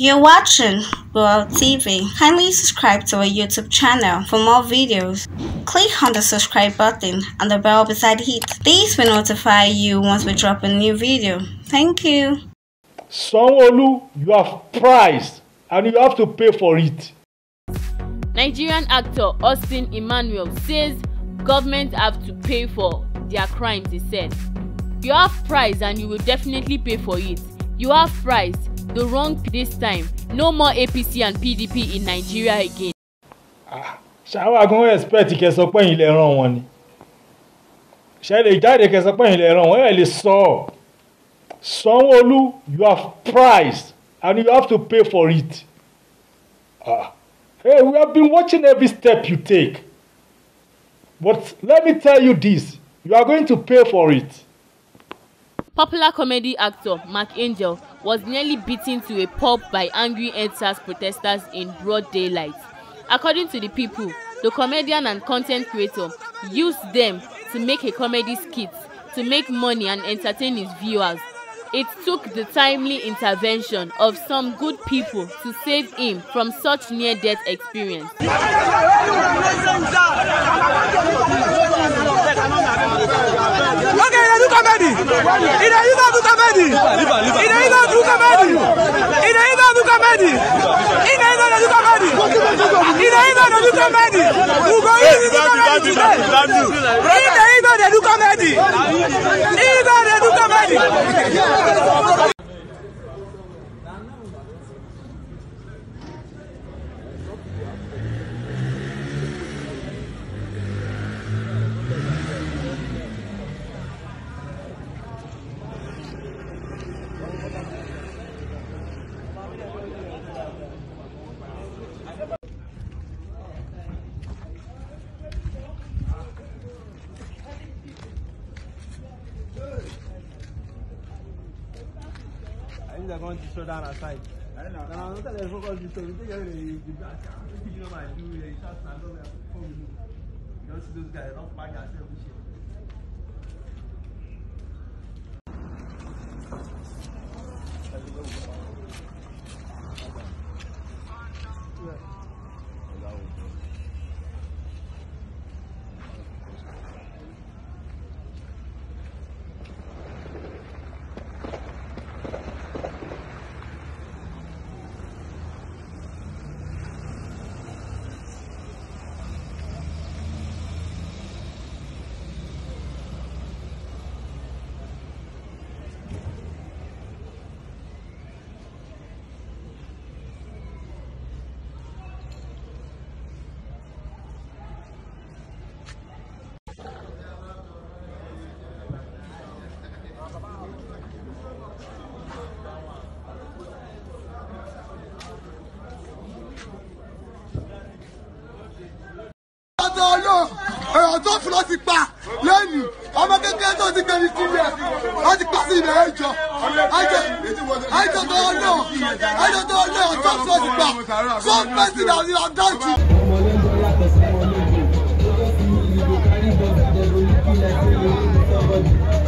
You're watching World TV. Kindly subscribe to our YouTube channel for more videos. Click on the subscribe button and the bell beside it. This will notify you once we drop a new video. Thank you. sanwo you have priced and you have to pay for it. Nigerian actor Austin Emmanuel says government have to pay for their crimes, he said. You have price and you will definitely pay for it. You have fries, the wrong this time. No more APC and PDP in Nigeria again. Ah, ṣáwa gan expect kẹ́ sọ pé ẹ̀yin lẹ rán wọn ni. Ṣé lè jáde kẹ́ sọ pé ẹ̀yin lẹ rán wọn, ẹ lè sọ. Sanwó-Olú, you have priced and you have to pay for it. Ah. Hey, we have been watching every step you take. But let me tell you this, you are going to pay for it. Popular comedy actor Mark Angel was nearly beaten to a pulp by angry EndSARS protesters in broad daylight. According to The People, the comedian and content creator used them to make a comedy skit to make money and entertain his viewers. It took the timely intervention of some good people to save him from such near-death experience. Ina yi babu kamedi. Ina yi babu kamedi. Ina yi babu kamedi. Ina yi babu kamedi. Ina yi babu kamedi. Ugo yi babu kamedi today. Ina yi babu kamedi. Ina yi babu kamedi. They're going to show down aside. And I don't tell you focus this time. You think you know do you shout and don't you. see those guys, don't bag yourself Thank you. èèyàn tó fún ló ti pa lẹ́nu ọmọ kékeré tó ti gbẹ̀yìn sílẹ̀ wọ́n ti pa sí ilẹ̀ ẹ̀jọ̀ ẹ̀jọ̀ tó wọ́n náà ẹ̀jọ̀ tó wọ́n náà tó fún ló ti pa tó mẹ́sì náà ní ọ̀dájú. Thank you.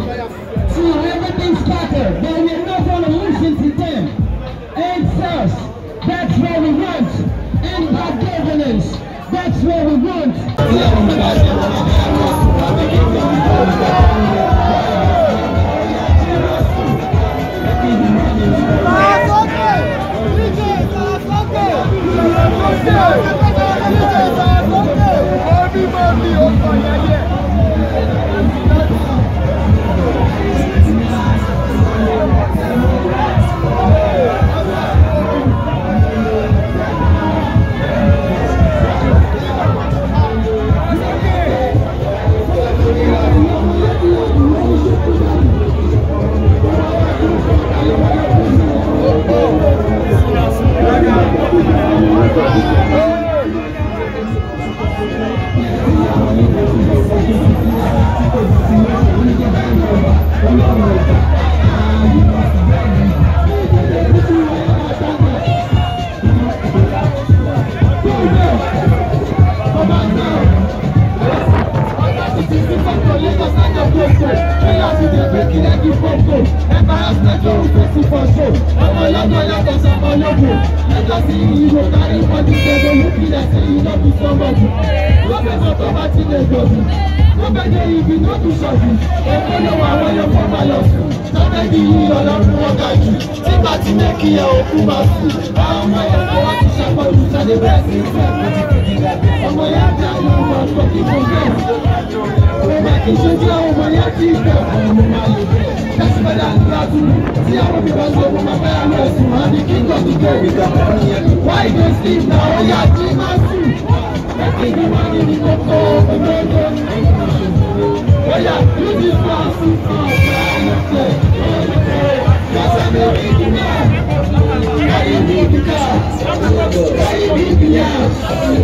الله Thank you. ọmọ lọ́gbọ́n yàtọ̀ sọmọ lógun ẹjọ́ sí ìyíwò kárí pọ́jú gbogbo lókìlẹ̀ sí ìlọ́bù sọmọdù lọ́gbẹ́sọ̀ tó bá ti lè dòdù lọ́gbẹ́dẹ́ ibi tó tún sọ̀dù òkú ló wà wọ́yọ̀ fọ́mà lọ́sùn sábẹ́bí yíyọ lọ́rùn wọn ga jù nígbà tí mẹ́kì ẹ̀ òkú máa sùn àwọn ọmọ yẹn kọ́ wá ti ṣàkóso sáré bẹ́ẹ̀ sí ìfẹ́ ọmọ yẹn àti àyè ọmọ ọ̀tọ̀ kíkún bẹ́ẹ̀ ọmọ yẹn kì í ti ìfẹ́ ọmọ máa arrow because of my fire mercy, man. The king of the day with the money. Why they sleep now? Oh, yeah, team, I see. I think the money in the cold, the man. Oh, yeah, you just want to see. Yes, I'm a big man. I need the car. I need the house.